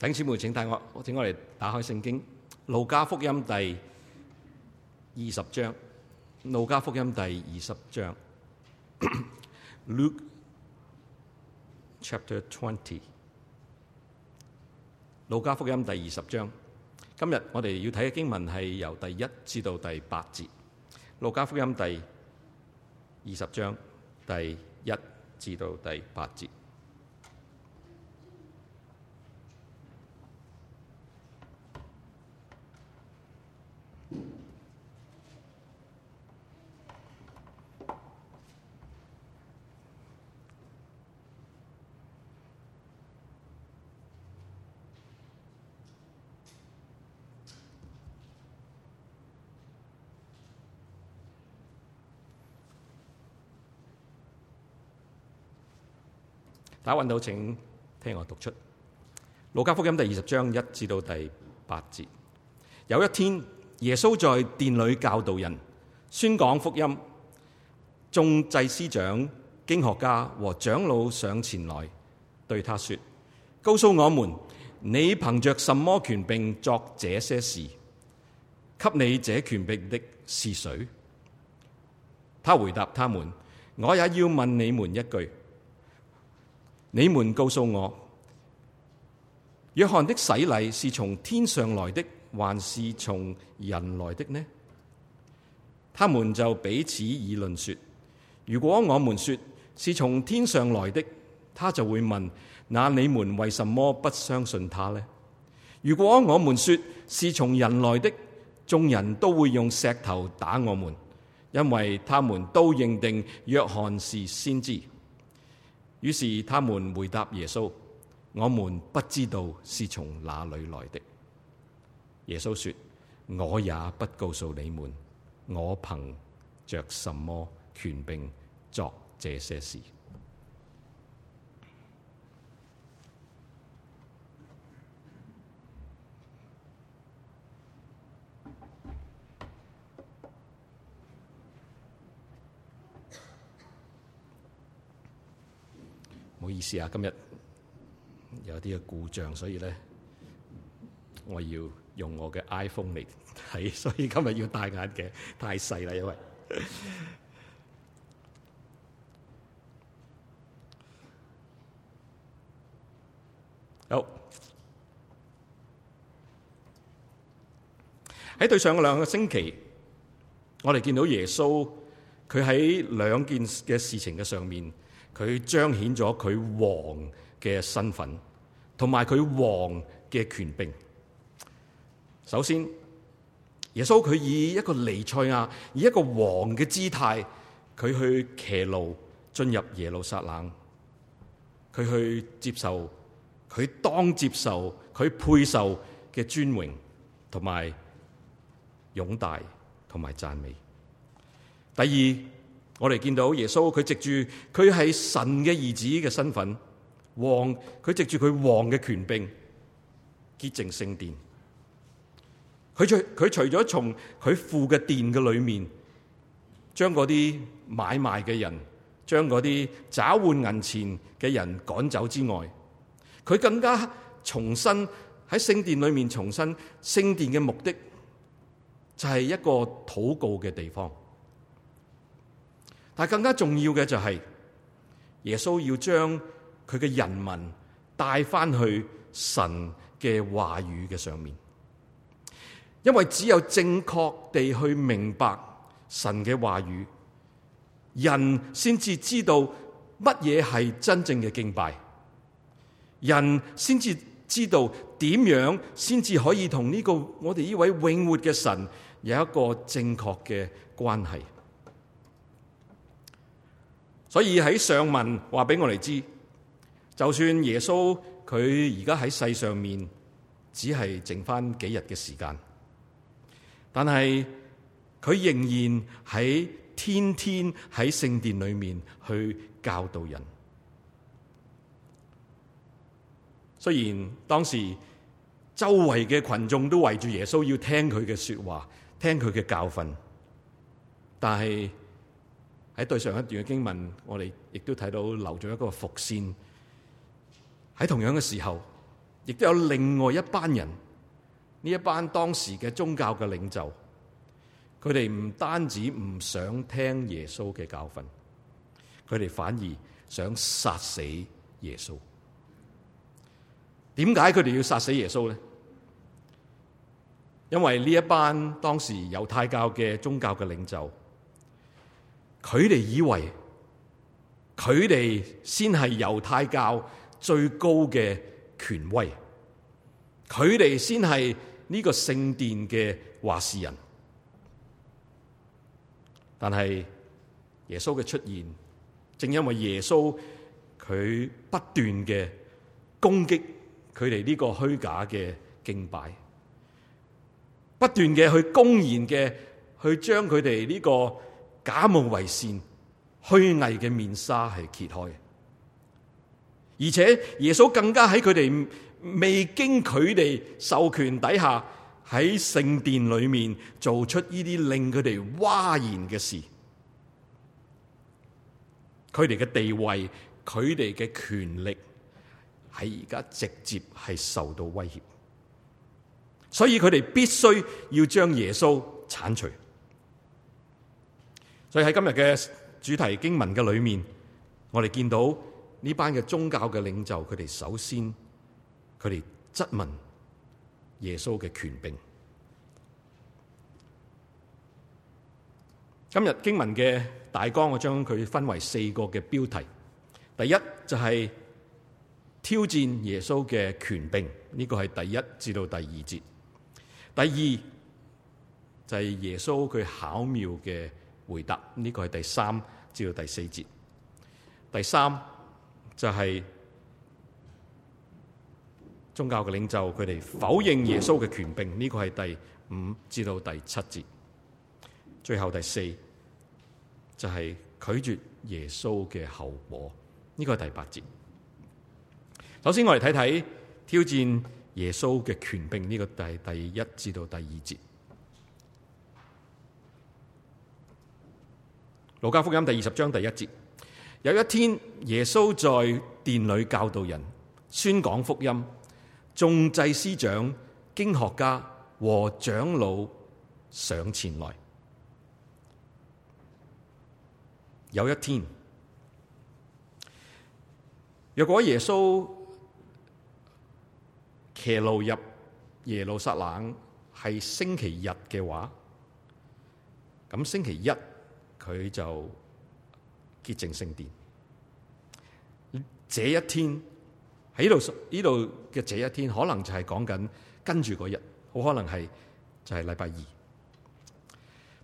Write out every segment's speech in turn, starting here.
弟兄姊妹，請帶我，我請我嚟打開聖經《路加福音》第二十章，《路加福音》第二十章， 《Luke Chapter Twenty》《路加福音》第二十章。今日我哋要睇嘅經文係由第一至到第八節，《路加福音》第二十章第一至到第八節。打揾到，請聽我讀出《路加福音》第二十章一至到第八節。有一天，耶穌在殿裏教導人，宣講福音。眾祭司長、經學家和長老上前來對他說：告訴我們，你憑着什麼權柄作這些事？給你這權柄的是誰？他回答他們：我也要問你們一句。你們告訴我，約翰的洗禮是從天上來的，還是從人來的呢？他們就彼此議論說：如果我們說是從天上來的，他就會問，那你們為什麼不相信他呢？如果我們說是從人來的，眾人都會用石頭打我們，因為他們都認定約翰是先知。於是他們回答耶穌，我們不知道是從哪裏來的。耶穌說，我也不告訴你們，我憑着什麼權柄作這些事。唔好意思啊，今日有啲嘅故障，所以咧我要用我嘅 iPhone 嚟睇，所以今日要戴眼鏡，太細啦，因為。好，喺對上兩個星期，我哋見到耶穌，佢喺兩件嘅事情嘅上面。佢彰顯咗佢王嘅身份，同埋佢王嘅權柄。首先，耶穌佢以一個彌賽亞，以一個王嘅姿態，佢去騎驢進入耶路撒冷，佢去接受，佢當接受，佢配受嘅尊榮同埋勇大同埋讚美。第二。我哋見到耶穌，佢藉住佢係神嘅兒子嘅身份，王佢藉住佢王嘅權柄潔淨聖殿。佢除佢除咗從佢父嘅殿嘅裏面，將嗰啲買賣嘅人，將嗰啲找換銀錢嘅人趕走之外，佢更加重新喺聖殿裏面重新，聖殿嘅目的就係一個禱告嘅地方。但更加重要嘅就係、是、耶穌要將佢嘅人民帶翻去神嘅話語嘅上面，因為只有正確地去明白神嘅話語，人先至知道乜嘢係真正嘅敬拜，人先至知道點樣先至可以同呢、這個我哋呢位永活嘅神有一個正確嘅關係。所以喺上文話俾我哋知，就算耶穌佢而家喺世上面，只係剩翻幾日嘅時間，但係佢仍然喺天天喺聖殿裏面去教導人。雖然當時周圍嘅群眾都圍住耶穌要聽佢嘅說話，聽佢嘅教訓，但係。喺對上一段嘅經文，我哋亦都睇到留咗一個伏線。喺同樣嘅時候，亦都有另外一班人，呢一班當時嘅宗教嘅領袖，佢哋唔單止唔想聽耶穌嘅教訓，佢哋反而想殺死耶穌。點解佢哋要殺死耶穌呢？因為呢一班當時猶太教嘅宗教嘅領袖。佢哋以為，佢哋先係猶太教最高嘅權威，佢哋先係呢個聖殿嘅話事人。但係耶穌嘅出現，正因為耶穌佢不斷嘅攻擊佢哋呢個虛假嘅敬拜，不斷嘅去公然嘅去將佢哋呢個。假冒為善，虛偽嘅面紗係揭開，而且耶穌更加喺佢哋未經佢哋授權底下喺聖殿裏面做出呢啲令佢哋嘩然嘅事，佢哋嘅地位、佢哋嘅權力喺而家直接係受到威脅，所以佢哋必須要將耶穌鏟除。所以喺今日嘅主題經文嘅裏面，我哋見到呢班嘅宗教嘅領袖，佢哋首先佢哋質問耶穌嘅權柄。今日經文嘅大綱，我將佢分為四個嘅標題。第一就係挑戰耶穌嘅權柄，呢個係第一至到第二節。第二就係耶穌佢巧妙嘅回答呢個係第三至到第四節。第三就係宗教嘅領袖佢哋否認耶穌嘅權柄，呢個係第五至到第七節。最後第四就係拒絕耶穌嘅後果，呢個係第八節。首先我哋睇睇挑戰耶穌嘅權柄，呢個第第一至到第二節。路加福音第二十章第一節，有一天耶穌在殿裏教導人、宣講福音，眾祭司長、經學家和長老上前來。有一天，若果耶穌騎驢入耶路撒冷係星期日嘅話，咁星期一。佢就潔淨聖殿。這一天喺呢度，呢度嘅，這一天，可能就係講緊跟住嗰日，好可能係就係、是、禮拜二。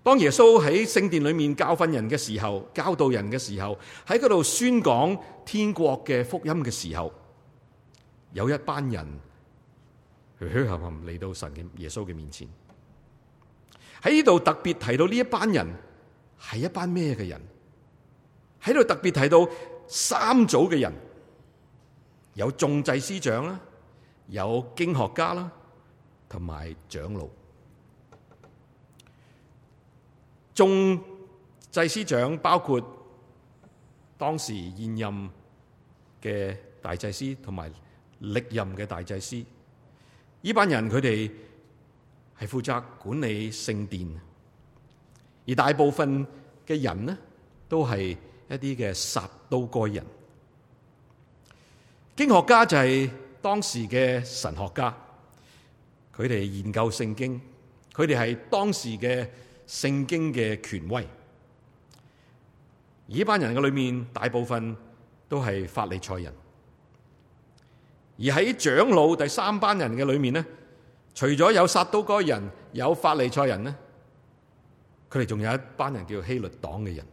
當耶穌喺聖殿裏面教訓人嘅時候，教導人嘅時候，喺嗰度宣講天國嘅福音嘅時候，有一班人，虛虛冚冚嚟到神嘅、耶穌嘅面前。喺呢度特別提到呢一班人。係一班咩嘅人？喺度特別提到三組嘅人，有眾祭司長啦，有經學家啦，同埋長老。眾祭司長包括當時現任嘅大祭司，同埋歷任嘅大祭司。呢班人佢哋係負責管理聖殿。而大部分嘅人呢，都係一啲嘅撒都該人。經學家就係當時嘅神學家，佢哋研究聖經，佢哋係當時嘅聖經嘅權威。而呢班人嘅裏面，大部分都係法利賽人。而喺長老第三班人嘅裏面呢，除咗有撒都該人，有法利賽人呢？佢哋仲有一班人叫希律黨嘅人，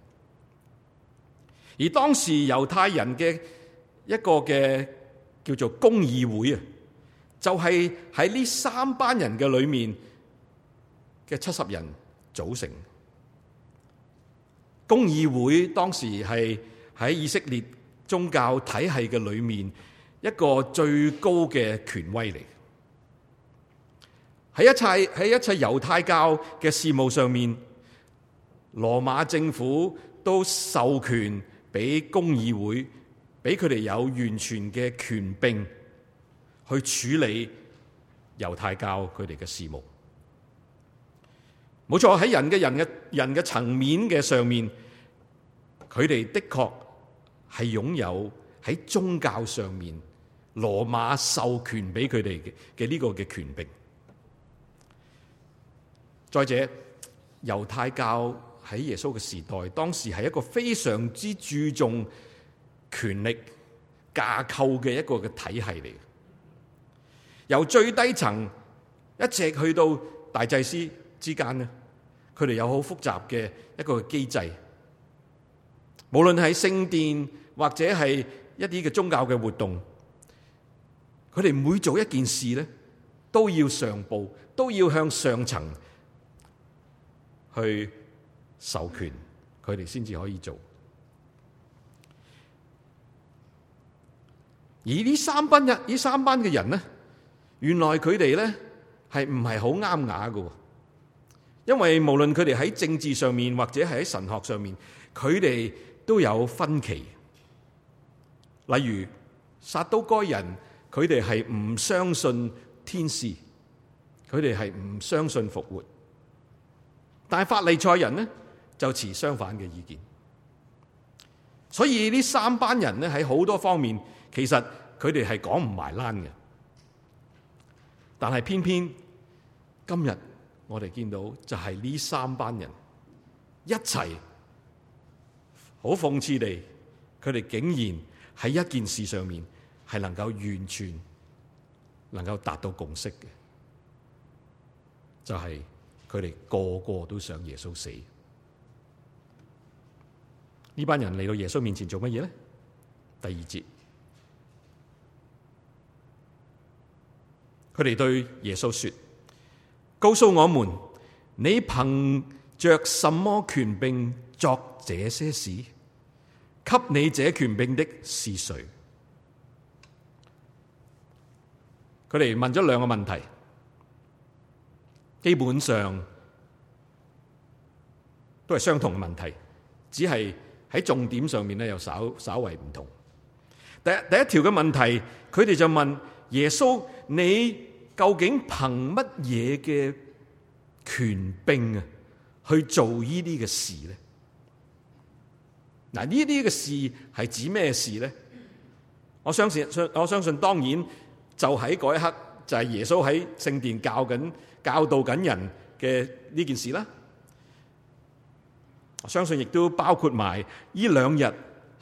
而當時猶太人嘅一個嘅叫做公議會啊，就係喺呢三班人嘅裏面嘅七十人組成。公議會當時係喺以色列宗教體系嘅裏面一個最高嘅權威嚟，喺一切喺一切猶太教嘅事務上面。羅馬政府都授權俾公議會，俾佢哋有完全嘅權柄去處理猶太教佢哋嘅事務。冇錯，喺人嘅人嘅人嘅層面嘅上面，佢哋的確係擁有喺宗教上面，羅馬授權俾佢哋嘅呢個嘅權柄。再者，猶太教。喺耶穌嘅時代，當時係一個非常之注重權力架構嘅一個嘅體系嚟嘅。由最低層一直去到大祭司之間咧，佢哋有好複雜嘅一個機制。無論喺聖殿或者係一啲嘅宗教嘅活動，佢哋每做一件事咧，都要上報，都要向上層去，授權，佢哋先至可以做。而呢三班人，呢三班嘅人呢，原來佢哋呢係唔係好啱牙嘅，因為無論佢哋喺政治上面或者係喺神學上面，佢哋都有分歧。例如，撒都該人，佢哋係唔相信天使，佢哋係唔相信復活，但係法利賽人呢。就持相反嘅意見，所以呢三班人咧，喺好多方面，其實佢哋係講唔埋欄嘅，但係偏偏今日我哋見到就係呢三班人一齊好諷刺地，佢哋竟然喺一件事上面係能夠完全能夠達到共識嘅，就係佢哋個個都想耶穌死。呢班人嚟到耶穌面前做乜嘢咧？第二節，佢哋對耶穌說：「告訴我們，你憑着什麼權柄作這些事？給你這權柄的是誰？」佢哋問咗兩個問題，基本上都係相同嘅問題，只係。喺重點上面咧，又稍稍為唔同。第第一條嘅問題，佢哋就問耶穌：你究竟憑乜嘢嘅權柄啊，去做呢啲嘅事咧？嗱，呢啲嘅事係指咩事咧？我相信，我相信，當然就喺嗰一刻，就係耶穌喺聖殿教緊、教導緊人嘅呢件事啦。我相信亦都包括埋呢兩日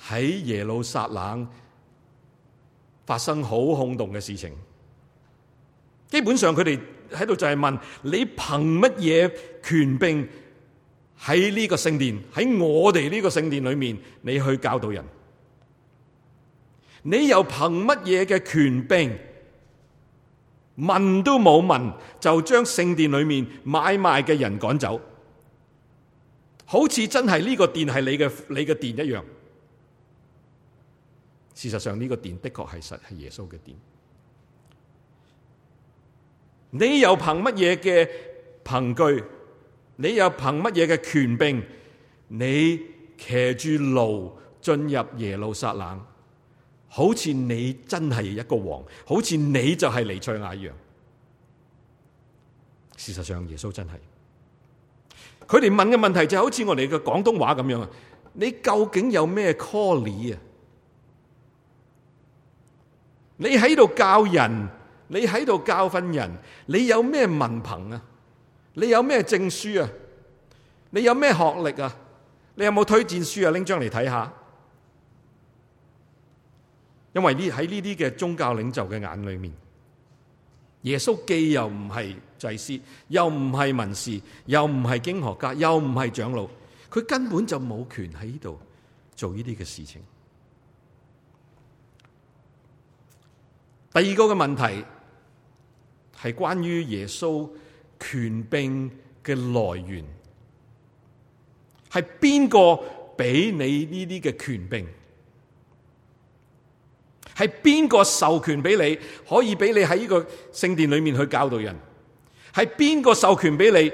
喺耶路撒冷發生好轟動嘅事情。基本上，佢哋喺度就係問，你憑乜嘢權柄喺呢個聖殿，喺我哋呢個聖殿裏面你去教導人？你又憑乜嘢嘅權柄？問都冇問就將聖殿裏面買賣嘅人趕走。好似真係呢個殿係你嘅，你嘅殿一樣，事實上呢個殿的確係實係耶穌嘅殿。你又憑乜嘢嘅憑據？你又憑乜嘢嘅權柄？你騎住驢進入耶路撒冷，好似你真係一個王，好似你就係彌賽亞一樣。事實上，耶穌真係。佢哋問嘅問題就係，好似我哋嘅廣東話咁樣啊！你究竟有咩 callie 啊？你喺度教人，你喺度教訓人，你有咩文憑啊？你有咩證書啊？你有咩學歷啊？你有冇推薦書啊？拎張嚟睇下，因為呢，喺呢啲嘅宗教領袖嘅眼裏面，耶穌既又唔係。祭司又唔係文士，又唔係經學家，又唔係長老，佢根本就冇權喺呢度做呢啲嘅事情。第二個嘅問題係關於耶穌權柄嘅來源，係邊個俾你呢啲嘅權柄？係邊個授權俾你，可以俾你喺呢個聖殿裏面去教導人？係邊個授權俾你？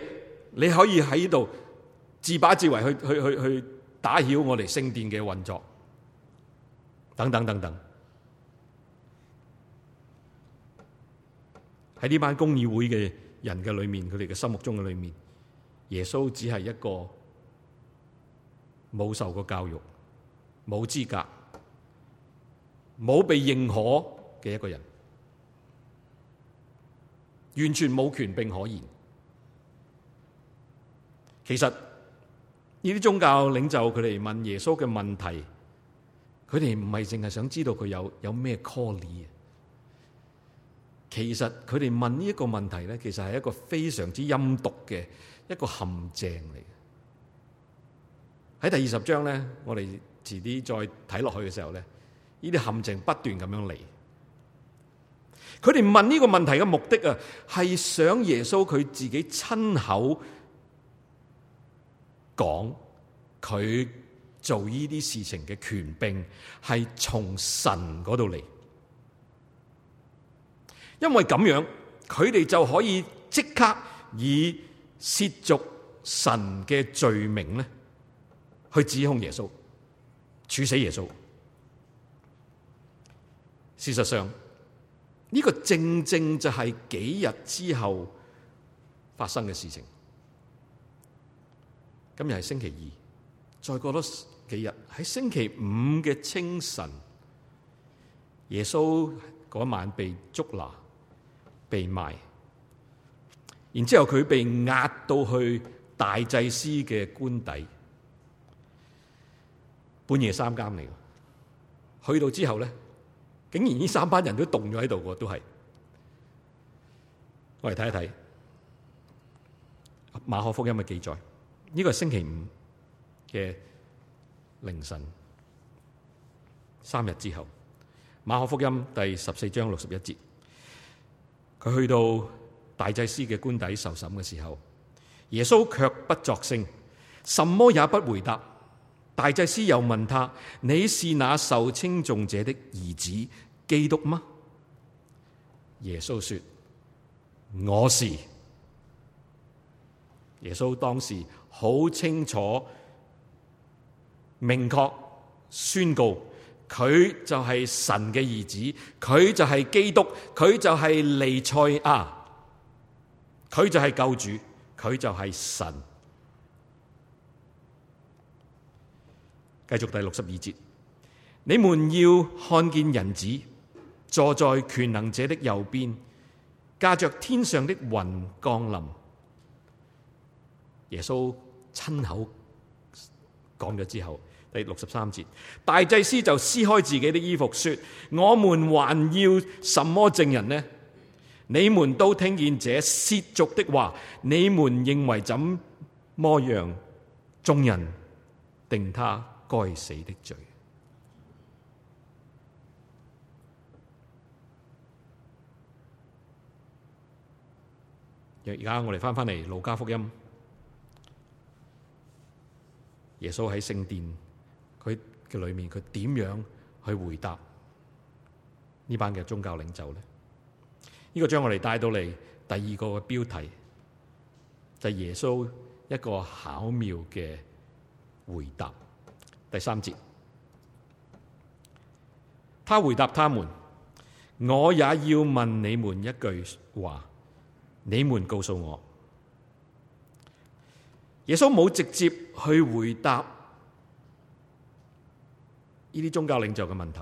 你可以喺呢度自把自為去去去去打擾我哋聖殿嘅運作，等等等等。喺呢班公議會嘅人嘅裏面，佢哋嘅心目中嘅裏面，耶穌只係一個冇受過教育、冇資格、冇被認可嘅一個人。完全冇權柄可言。其實呢啲宗教領袖，佢哋問耶穌嘅問題，佢哋唔係淨係想知道佢有有咩 call 你。其實佢哋問呢一個問題咧，其實係一個非常之陰毒嘅一個陷阱嚟嘅。喺第二十章咧，我哋遲啲再睇落去嘅時候咧，呢啲陷阱不斷咁樣嚟。佢哋問呢個問題嘅目的啊，係想耶穌佢自己親口講佢做呢啲事情嘅權柄係從神嗰度嚟，因為咁樣佢哋就可以即刻以涉足神嘅罪名咧去指控耶穌，處死耶穌。事實上。呢個正正就係幾日之後發生嘅事情。今日係星期二，再過多幾日喺星期五嘅清晨，耶穌嗰晚被捉拿、被賣，然之後佢被押到去大祭司嘅官邸，半夜三更嚟。去到之後咧。竟然呢三班人都凍咗喺度嘅，都係我嚟睇一睇馬可福音嘅記載，呢、這個係星期五嘅凌晨三日之後，馬可福音第十四章六十一節，佢去到大祭司嘅官邸受審嘅時候，耶穌卻不作聲，什麼也不回答。大祭司又問他：你是那受稱頌者的兒子？基督嗎？耶穌說我是。耶穌當時好清楚、明確宣告，佢就係神嘅兒子，佢就係基督，佢就係彌賽亞，佢就係救主，佢就係神。繼續第六十二節，你們要看見人子。坐在權能者的右邊，駕着天上的雲降臨。耶穌親口講咗之後，第六十三節，大祭司就撕開自己的衣服，說：我們還要什麼證人呢？你們都聽見這褻瀆的話，你們認為怎麼樣？眾人定他該死的罪。而家我哋翻返嚟《路加福音》耶穌，耶穌喺聖殿佢嘅裏面，佢點樣去回答呢班嘅宗教領袖咧？呢、這個將我哋帶到嚟第二個嘅標題，就係、是、耶穌一個巧妙嘅回答。第三節，他回答他們：我也要問你們一句話。你們告訴我。耶穌冇直接去回答呢啲宗教領袖嘅問題，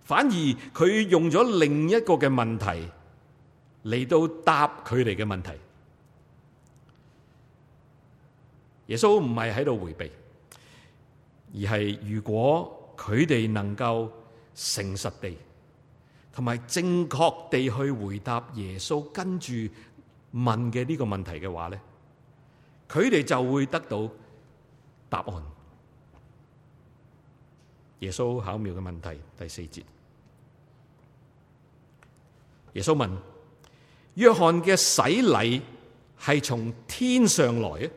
反而佢用咗另一個嘅問題嚟到答佢哋嘅問題。耶穌唔係喺度回避，而係如果佢哋能夠誠實地。同埋正確地去回答耶穌跟住問嘅呢個問題嘅話咧，佢哋就會得到答案。耶穌巧妙嘅問題，第四節，耶穌問約翰嘅洗禮係從天上來啊？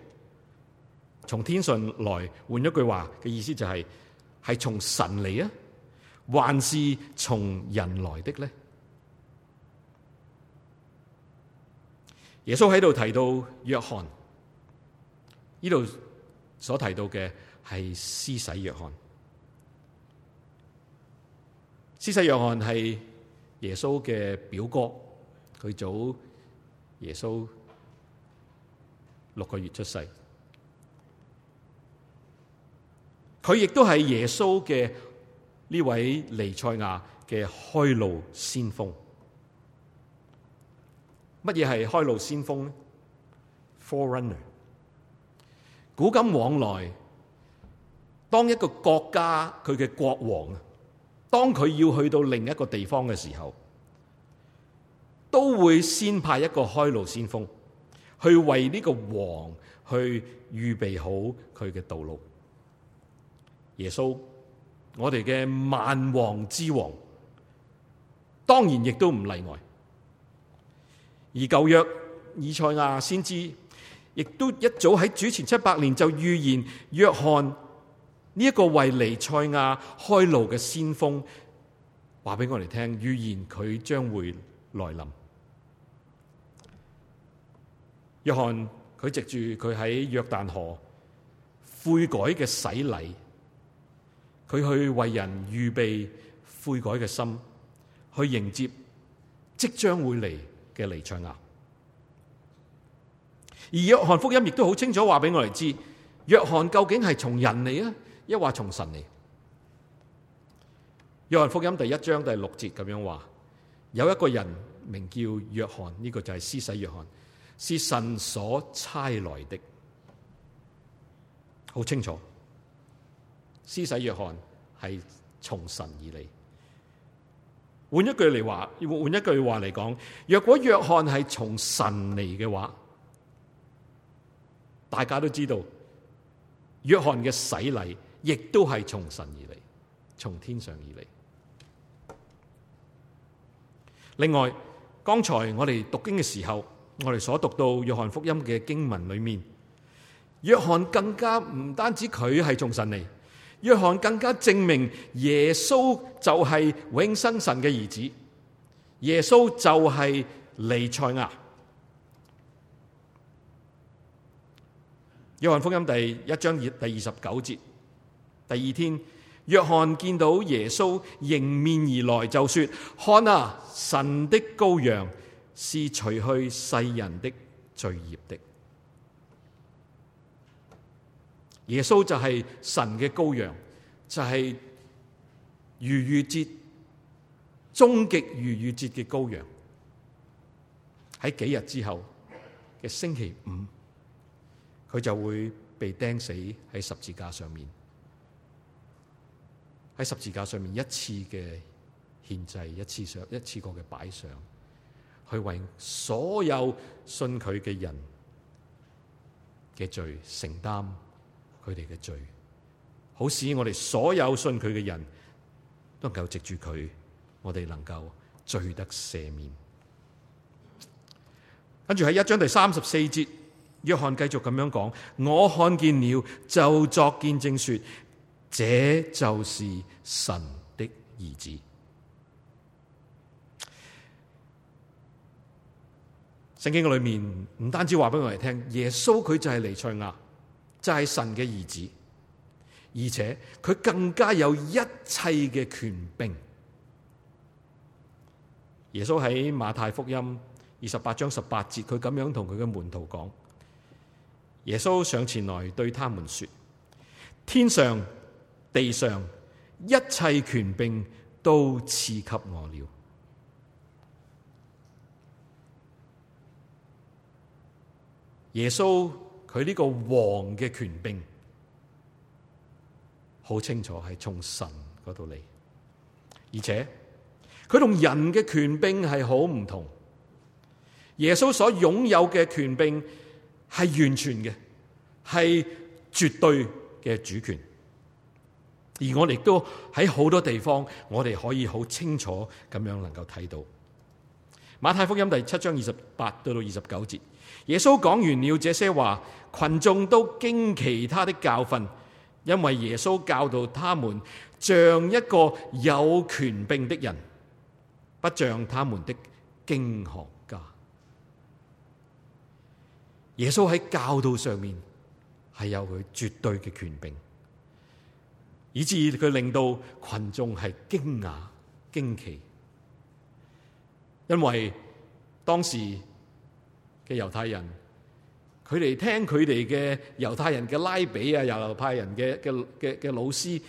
從天上來換一句話嘅意思就係、是、係從神嚟啊。還是從人來的呢？耶穌喺度提到約翰，呢度所提到嘅係施洗約翰。施洗約翰係耶穌嘅表哥，佢早耶穌六個月出世，佢亦都係耶穌嘅。呢位彌賽亞嘅開路先鋒，乜嘢係開路先鋒呢？Forerunner，古今往來，當一個國家佢嘅國王，當佢要去到另一個地方嘅時候，都會先派一個開路先鋒去為呢個王去預備好佢嘅道路。耶穌。我哋嘅萬王之王，當然亦都唔例外。而舊約以賽亞先知，亦都一早喺主前七百年就預言約翰呢一個為彌賽亞開路嘅先鋒，話俾我哋聽，預言佢將會來臨。約翰佢藉住佢喺約旦河悔改嘅洗禮。佢去為人預備悔改嘅心，去迎接即將會嚟嘅離場啊！而約翰福音亦都好清楚話俾我哋知，約翰究竟係從人嚟啊，抑或從神嚟。約翰福音第一章第六節咁樣話：有一個人名叫約翰，呢、這個就係施洗約翰，是神所差來的，好清楚。施洗約翰係從神而嚟，換一句嚟話，換一句話嚟講，若果約翰係從神嚟嘅話，大家都知道，約翰嘅洗禮亦都係從神而嚟，從天上而嚟。另外，剛才我哋讀經嘅時候，我哋所讀到約翰福音嘅經文裏面，約翰更加唔單止佢係從神嚟。約翰更加證明耶穌就係永生神嘅兒子，耶穌就係彌賽亞。約翰福音第一章第二十九節，第二天，約翰見到耶穌迎面而來，就說：看啊，神的羔羊是除去世人的罪孽的。耶穌就係神嘅羔羊，就係逾越節終極逾越節嘅羔羊。喺幾日之後嘅星期五，佢就會被釘死喺十字架上面。喺十字架上面一次嘅獻祭，一次上一次過嘅擺上去為所有信佢嘅人嘅罪承擔，佢哋嘅罪，好使我哋所有信佢嘅人，都能夠藉住佢，我哋能夠罪得赦免。跟住喺一章第三十四節，約翰繼續咁樣講：我看見了，就作見證說，這就是神的兒子。聖經裏面唔單止話俾我哋聽，耶穌佢就係彌賽亞。就係神嘅兒子，而且佢更加有一切嘅權柄。耶穌喺馬太福音二十八章十八節，佢咁樣同佢嘅門徒講：耶穌上前來對他們說，天上地上一切權柄都賜給我了。耶穌。佢呢個王嘅權柄好清楚係從神嗰度嚟，而且佢同人嘅權柄係好唔同。耶穌所擁有嘅權柄係完全嘅，係絕對嘅主權。而我哋都喺好多地方，我哋可以好清楚咁樣能夠睇到。馬太福音第七章二十八到到二十九節，耶穌講完了這些話。群眾都驚奇他的教訓，因為耶穌教導他們像一個有權柄的人，不像他們的經學家。耶穌喺教導上面係有佢絕對嘅權柄，以致佢令到群眾係驚訝驚奇，因為當時嘅猶太人，佢哋聽佢哋嘅猶太人嘅拉比啊，猶太人嘅嘅嘅嘅老師，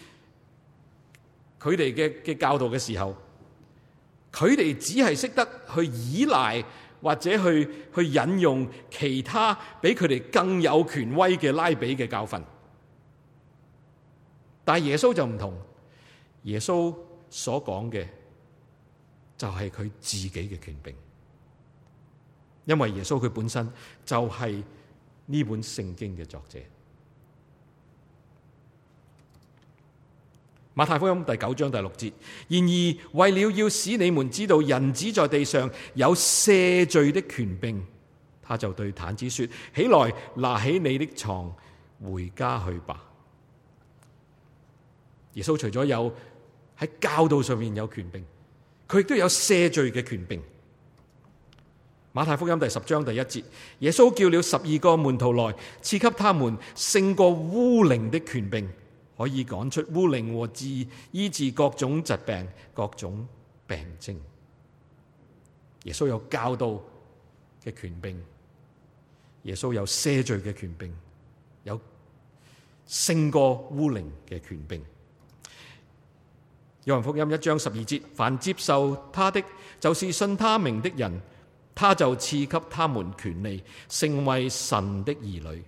佢哋嘅嘅教導嘅時候，佢哋只係識得去依賴或者去去引用其他比佢哋更有權威嘅拉比嘅教訓。但係耶穌就唔同，耶穌所講嘅就係佢自己嘅權柄，因為耶穌佢本身就係、是。呢本聖經嘅作者。馬太福音第九章第六節，然而為了要使你們知道，人子在地上有赦罪的權柄，他就對癱子說：起來，拿起你的床，回家去吧。耶穌除咗有喺教導上面有權柄，佢亦都有赦罪嘅權柄。馬太福音第十章第一節，耶穌叫了十二個門徒來，賜給他們勝過污靈的權柄，可以趕出污靈和治醫治各種疾病、各種病症。耶穌有教導嘅權柄，耶穌有赦罪嘅權柄，有勝過污靈嘅權柄。約翰福音一章十二節，凡接受他的就是信他名的人，他就賜給他們權利，成為神的兒女。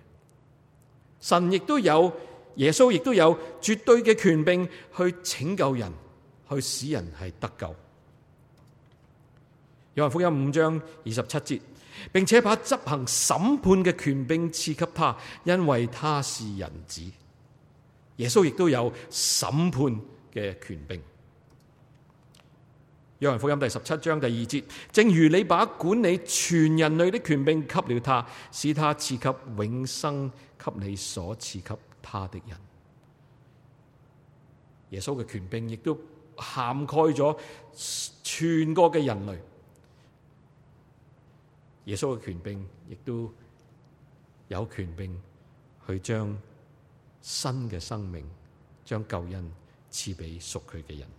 神亦都有，耶穌亦都有絕對嘅權柄去拯救人，去使人係得救。約翰福音五章二十七節，並且把執行審判嘅權柄賜給他，因為他是人子。耶穌亦都有審判嘅權柄。約翰福音第十七章第二節，正如你把管理全人類的權柄給了他，使他賜給永生給你所賜給他的人。耶穌嘅權柄亦都涵蓋咗全個嘅人類。耶穌嘅權柄亦都有權柄去將新嘅生命、將救恩賜俾屬佢嘅人。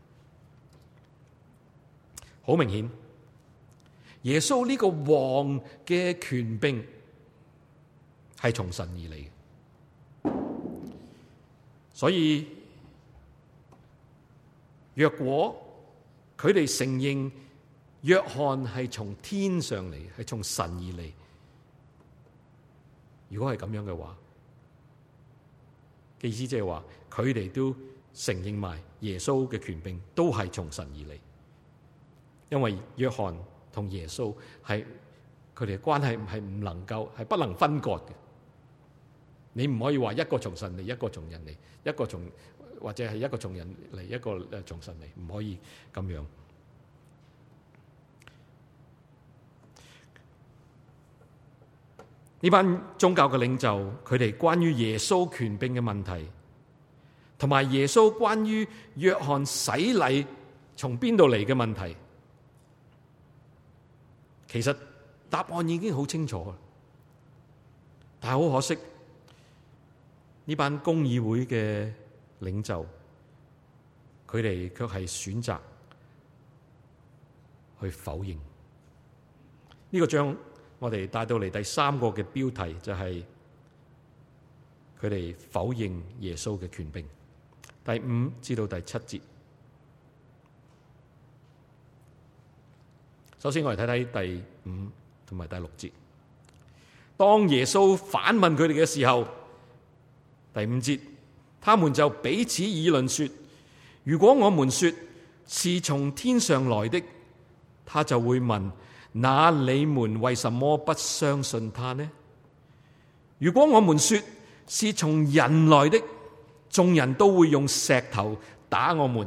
好明顯，耶穌呢個王嘅權柄係從神而嚟，所以若果佢哋承認約翰係從天上嚟，係從神而嚟，如果係咁樣嘅話，意思即係話佢哋都承認埋耶穌嘅權柄都係從神而嚟。因為約翰同耶穌係佢哋嘅關係係唔能夠係不能分割嘅，你唔可以話一個從神嚟，一個從人嚟，一個從或者係一個從人嚟，一個誒從神嚟，唔可以咁樣。呢班宗教嘅領袖，佢哋關於耶穌權柄嘅問題，同埋耶穌關於約翰洗禮從邊度嚟嘅問題。其實答案已經好清楚了，了但係好可惜，呢班公議會嘅領袖，佢哋卻係選擇去否認呢個將我哋帶到嚟第三個嘅標題，就係佢哋否認耶穌嘅權柄。第五至到第七節。首先，我哋睇睇第五同埋第六節。當耶穌反問佢哋嘅時候，第五節，他們就彼此議論說：如果我們說是從天上來的，他就會問：那你們為什麼不相信他呢？如果我們說是從人來的，眾人都會用石頭打我們。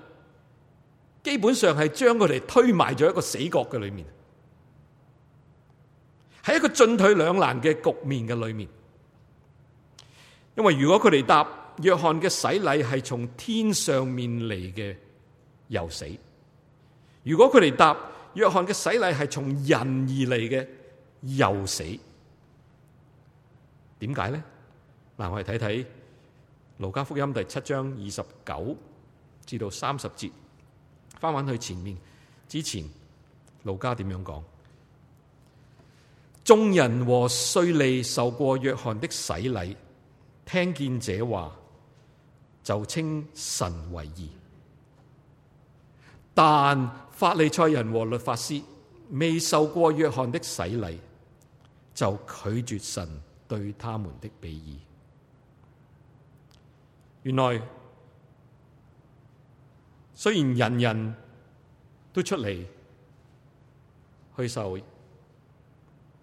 基本上係將佢哋推埋咗一個死角嘅裏面，喺一個進退兩難嘅局面嘅裏面。因為如果佢哋答約翰嘅洗禮係從天上面嚟嘅，又死；如果佢哋答約翰嘅洗禮係從人而嚟嘅，又死。點解咧？嗱，我哋睇睇《路加福音》第七章二十九至到三十節。翻返去前面，之前路加點樣講？眾人和稅吏受過約翰的洗禮，聽見這話就稱神為義；但法利賽人和律法師未受過約翰的洗禮，就拒絕神對他們的比喻。原來。雖然人人都出嚟去受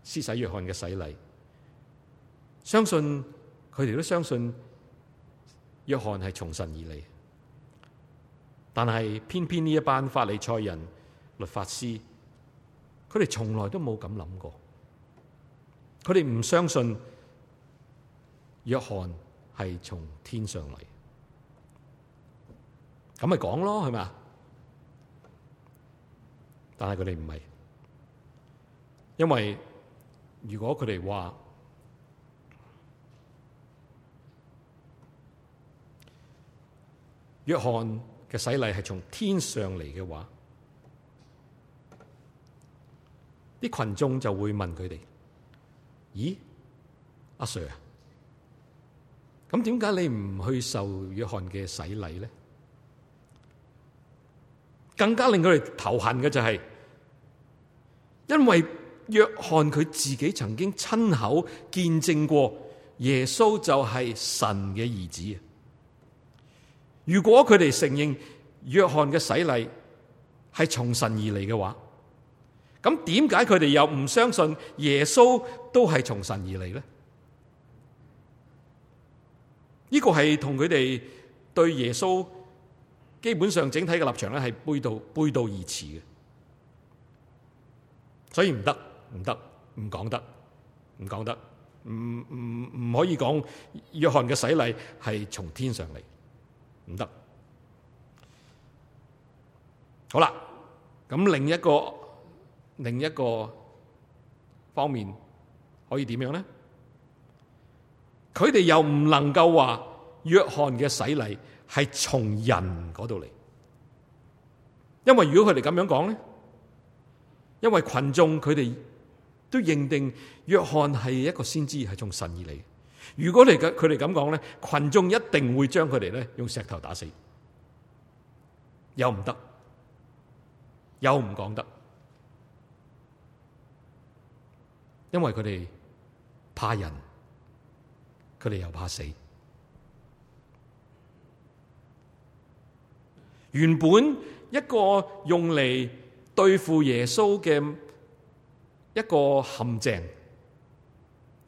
施洗約翰嘅洗禮，相信佢哋都相信約翰係從神而嚟，但係偏偏呢一班法利賽人律法師，佢哋從來都冇咁諗過，佢哋唔相信約翰係從天上嚟。咁咪講囉，係咪？但係佢哋唔係，因為如果佢哋話約翰嘅洗禮係從天上嚟嘅話，啲群眾就會問佢哋：「咦，阿 Sir，咁點解你唔去受約翰嘅洗禮呢？」更加令佢哋頭痕嘅就係，因為約翰佢自己曾經親口見證過耶穌就係神嘅兒子。如果佢哋承認約翰嘅洗禮係從神而嚟嘅話，咁點解佢哋又唔相信耶穌都係從神而嚟呢？呢、呢個係同佢哋對耶穌。基本上整體嘅立場咧係背道背道而馳嘅，所以唔得唔得唔講得唔講得唔唔唔可以講約翰嘅洗禮係從天上嚟，唔得。好啦，咁另一個另一個方面可以點樣咧？佢哋又唔能夠話約翰嘅洗禮。係從人嗰度嚟，因為如果佢哋咁樣講咧，因為群眾佢哋都認定約翰係一個先知，係從神而嚟。如果嚟嘅佢哋咁講咧，群眾一定會將佢哋咧用石頭打死，又唔得，又唔講得，因為佢哋怕人，佢哋又怕死。原本一個用嚟對付耶穌嘅一個陷阱，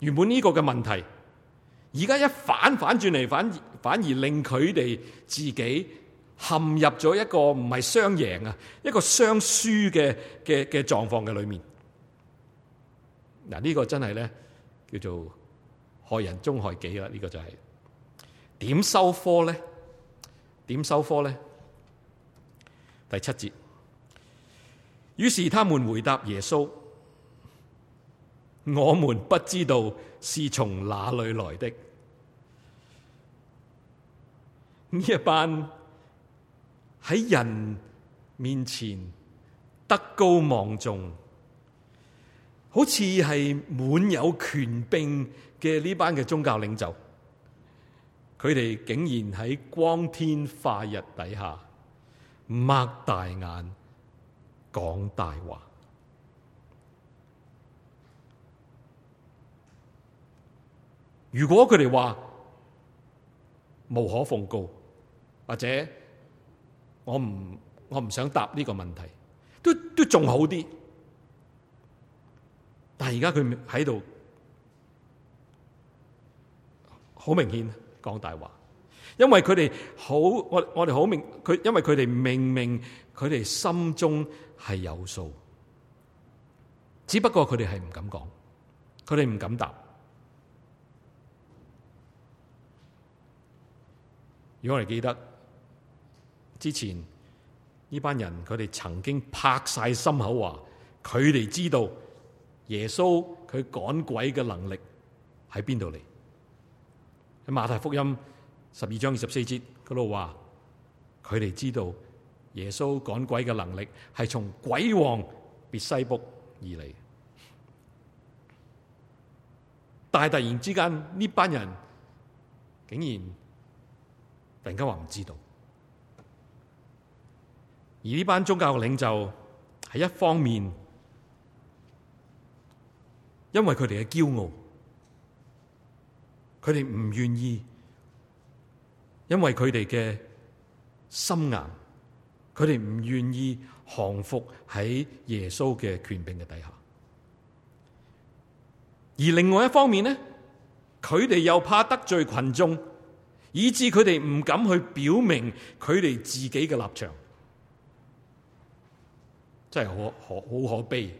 原本呢個嘅問題，而家一反反轉嚟，反反而令佢哋自己陷入咗一個唔係雙贏啊，一個雙輸嘅嘅嘅狀況嘅裏面。嗱、這、呢個真係咧，叫做害人終害己啦！呢、這個就係、是、點收科咧？點收科咧？第七節，於是他們回答耶穌：我們不知道是從哪裏來的。呢一班喺人面前德高望重，好似係滿有權柄嘅呢班嘅宗教領袖，佢哋竟然喺光天化日底下。擘大眼講大話，如果佢哋話無可奉告，或者我唔我唔想答呢個問題，都都仲好啲。但係而家佢喺度好明顯講大話。因為佢哋好，我我哋好明佢，因為佢哋明明佢哋心中係有數，只不過佢哋係唔敢講，佢哋唔敢答。如果我哋記得之前呢班人，佢哋曾經拍晒心口話，佢哋知道耶穌佢趕鬼嘅能力喺邊度嚟？喺馬太福音。十二章二十四節嗰度話，佢哋知道耶穌趕鬼嘅能力係從鬼王別西卜而嚟，但係突然之間呢班人竟然突然間話唔知道，而呢班宗教嘅領袖係一方面因為佢哋嘅驕傲，佢哋唔願意。因為佢哋嘅心硬，佢哋唔願意降服喺耶穌嘅權柄嘅底下。而另外一方面呢，佢哋又怕得罪群眾，以至佢哋唔敢去表明佢哋自己嘅立場，真係好可好可悲。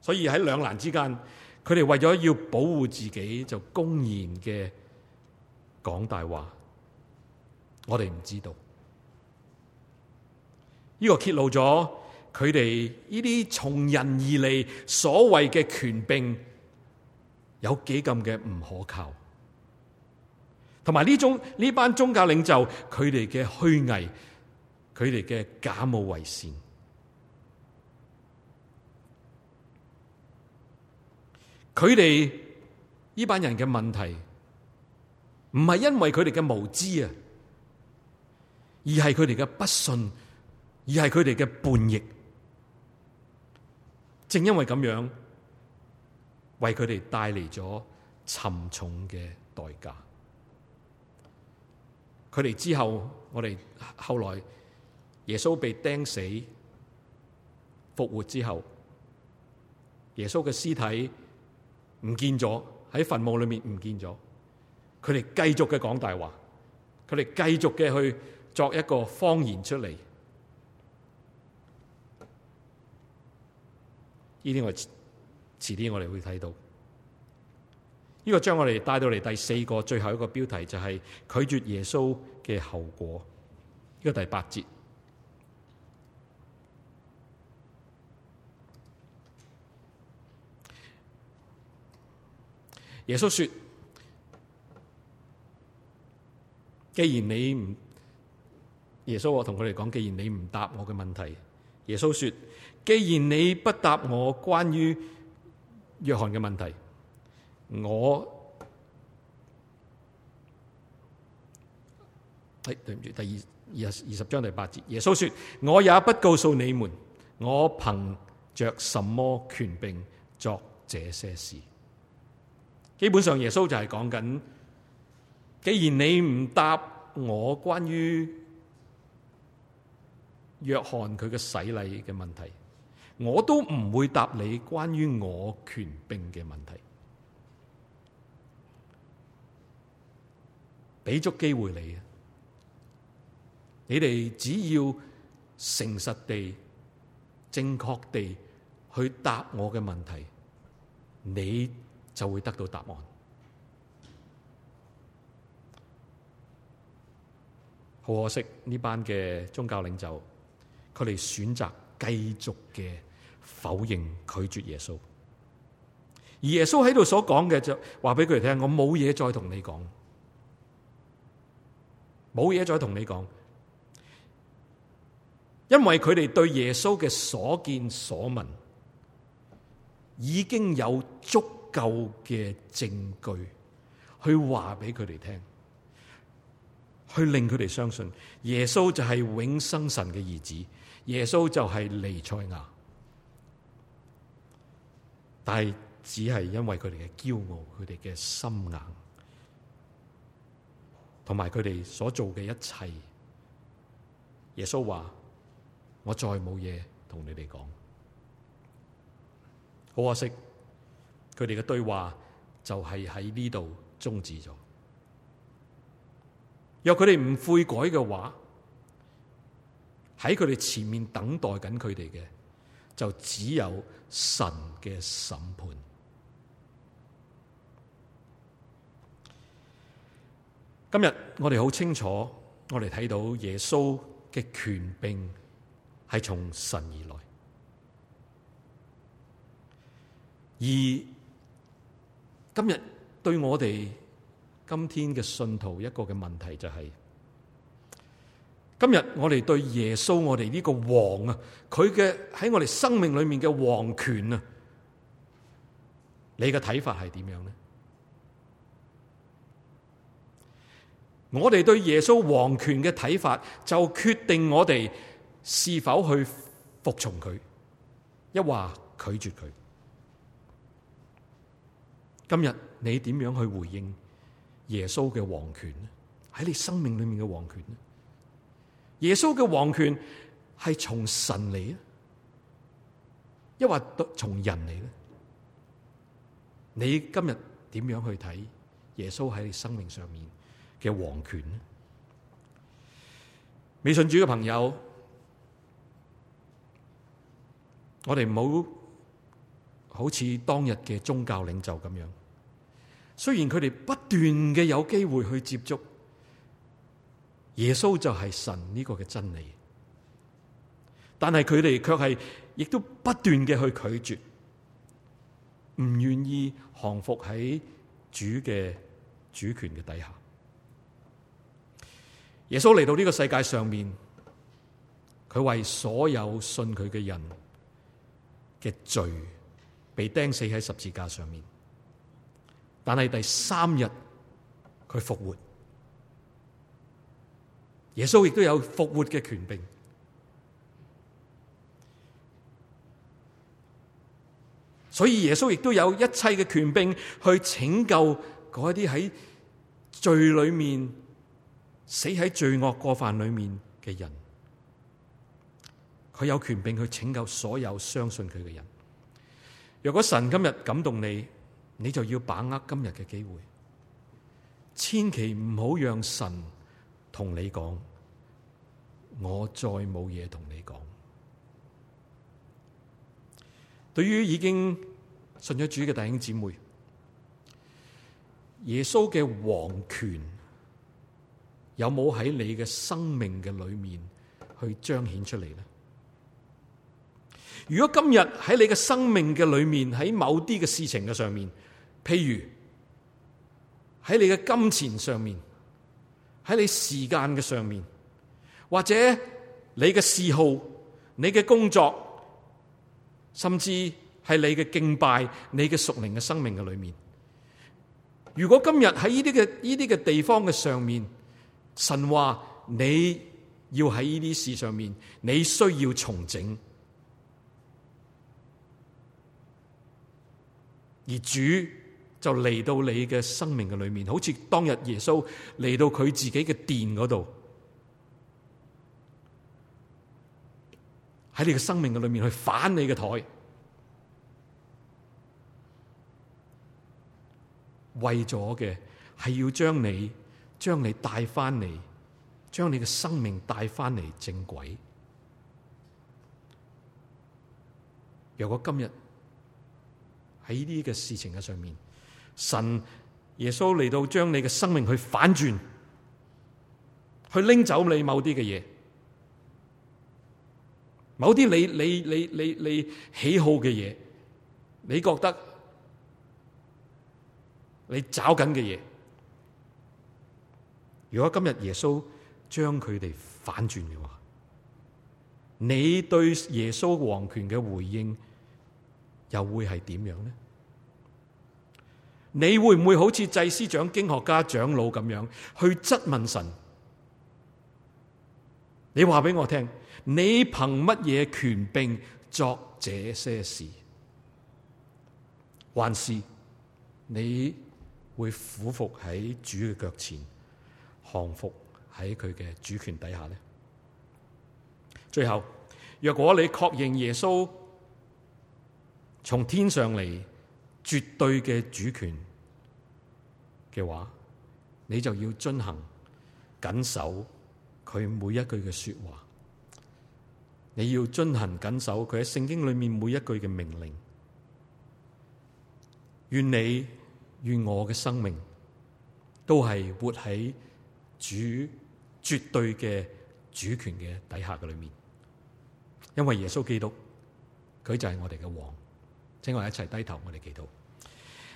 所以喺兩難之間，佢哋為咗要保護自己，就公然嘅。講大話，我哋唔知道。呢個揭露咗佢哋呢啲從人而嚟，所謂嘅權柄有幾咁嘅唔可靠，同埋呢種呢班宗教領袖佢哋嘅虛偽，佢哋嘅假冒為善，佢哋呢班人嘅問題。唔係因為佢哋嘅無知啊，而係佢哋嘅不信，而係佢哋嘅叛逆。正因為咁樣，為佢哋帶嚟咗沉重嘅代價。佢哋之後，我哋後來，耶穌被釘死、復活之後，耶穌嘅屍體唔見咗，喺墳墓裏面唔見咗。佢哋繼續嘅講大話，佢哋繼續嘅去作一個謊言出嚟。呢啲我遲啲我哋會睇到。呢、這個將我哋帶到嚟第四個最後一個標題就係、是、拒絕耶穌嘅後果。呢、這個第八節，耶穌說。既然你唔，耶穌，我同佢哋講，既然你唔答我嘅問題，耶穌說：既然你不答我關於約翰嘅問題，我誒、哎、對唔住，第二二二十章第八節，耶穌說：我也不告訴你們，我憑着什麼權柄作這些事。基本上，耶穌就係講緊。既然你唔答我關於約翰佢嘅洗禮嘅問題，我都唔會答你關於我權柄嘅問題。畀足機會你，你哋只要誠實地、正確地去答我嘅問題，你就會得到答案。好可惜，呢班嘅宗教領袖，佢哋選擇繼續嘅否認、拒絕耶穌。而耶穌喺度所講嘅，就話俾佢哋聽：我冇嘢再同你講，冇嘢再同你講，因為佢哋對耶穌嘅所見所聞已經有足夠嘅證據去話俾佢哋聽。去令佢哋相信耶穌就係永生神嘅兒子，耶穌就係彌賽亞，但係只係因為佢哋嘅驕傲，佢哋嘅心硬，同埋佢哋所做嘅一切，耶穌話：我再冇嘢同你哋講。好可惜，佢哋嘅對話就係喺呢度終止咗。若佢哋唔悔改嘅話，喺佢哋前面等待緊佢哋嘅，就只有神嘅審判。今日我哋好清楚，我哋睇到耶穌嘅權柄係從神而來，而今日對我哋。今天嘅信徒一個嘅問題就係，今日我哋對耶穌我哋呢個王啊，佢嘅喺我哋生命裏面嘅王權啊，你嘅睇法係點樣呢？我哋對耶穌王權嘅睇法，就決定我哋是否去服從佢，一話拒絕佢。今日你點樣去回應？耶穌嘅王權呢？喺你生命裏面嘅王權呢？耶穌嘅王權係從神嚟啊，抑或從人嚟咧？你今日點樣去睇耶穌喺你生命上面嘅王權呢？未信主嘅朋友，我哋唔好好似當日嘅宗教領袖咁樣。雖然佢哋不斷嘅有機會去接觸耶穌，就係神呢個嘅真理，但係佢哋卻係亦都不斷嘅去拒絕，唔願意降伏喺主嘅主權嘅底下。耶穌嚟到呢個世界上面，佢為所有信佢嘅人嘅罪，被釘死喺十字架上面。但係第三日，佢復活。耶穌亦都有復活嘅權柄，所以耶穌亦都有一切嘅權柄去拯救嗰啲喺罪裏面死喺罪惡過犯裏面嘅人。佢有權柄去拯救所有相信佢嘅人。若果神今日感動你，你就要把握今日嘅機會，千祈唔好讓神同你講，我再冇嘢同你講。對於已經信咗主嘅弟兄姊妹，耶穌嘅王權有冇喺你嘅生命嘅裏面去彰顯出嚟呢？如果今日喺你嘅生命嘅裏面，喺某啲嘅事情嘅上面，譬如喺你嘅金錢上面，喺你時間嘅上面，或者你嘅嗜好、你嘅工作，甚至係你嘅敬拜、你嘅屬靈嘅生命嘅裏面，如果今日喺呢啲嘅呢啲嘅地方嘅上面，神話你要喺呢啲事上面，你需要重整，而主。就嚟到你嘅生命嘅裏面，好似當日耶穌嚟到佢自己嘅殿嗰度，喺你嘅生命嘅裏面去反你嘅台，為咗嘅係要將你將你帶翻嚟，將你嘅生命帶翻嚟正軌。如果今日喺呢個事情嘅上面，神耶穌嚟到將你嘅生命去反轉，去拎走你某啲嘅嘢，某啲你你你你你，你喜好嘅嘢，你覺得你找緊嘅嘢，如果今日耶穌將佢哋反轉嘅話，你對耶穌王權嘅回應又會係點樣呢？你會唔會好似祭司長、經學家、長老咁樣去質問神？你話俾我聽，你憑乜嘢權柄作這些事？還是你會俯伏喺主嘅腳前，降服喺佢嘅主權底下呢？最後，若果你確認耶穌從天上嚟，絕對嘅主權嘅話，你就要遵行，謹守佢每一句嘅說話。你要遵行，謹守佢喺聖經裏面每一句嘅命令。願你、願我嘅生命都係活喺主絕對嘅主權嘅底下嘅裏面。因為耶穌基督佢就係我哋嘅王，請我一齊低頭，我哋祈禱。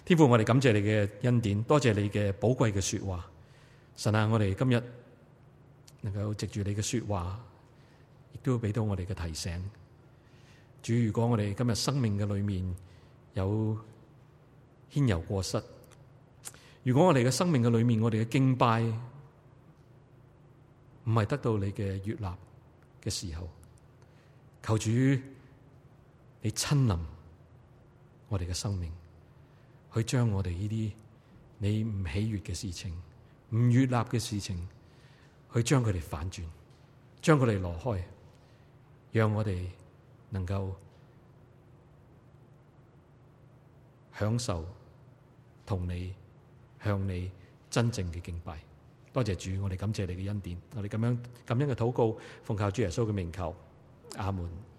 天父，我哋感謝你嘅恩典，多謝你嘅寶貴嘅說話。神啊，我哋今日能夠藉住你嘅說話，亦都會俾到我哋嘅提醒。主，如果我哋今日生命嘅裏面有牽柔過失，如果我哋嘅生命嘅裏面我哋嘅敬拜唔係得到你嘅悅納嘅時候，求主你親臨我哋嘅生命。去將我哋呢啲你唔喜悦嘅事情，唔悅納嘅事情，去將佢哋反轉，將佢哋挪開，讓我哋能夠享受同你向你真正嘅敬拜。多謝主，我哋感謝你嘅恩典。我哋咁樣咁樣嘅禱告，奉靠主耶穌嘅名求，阿門。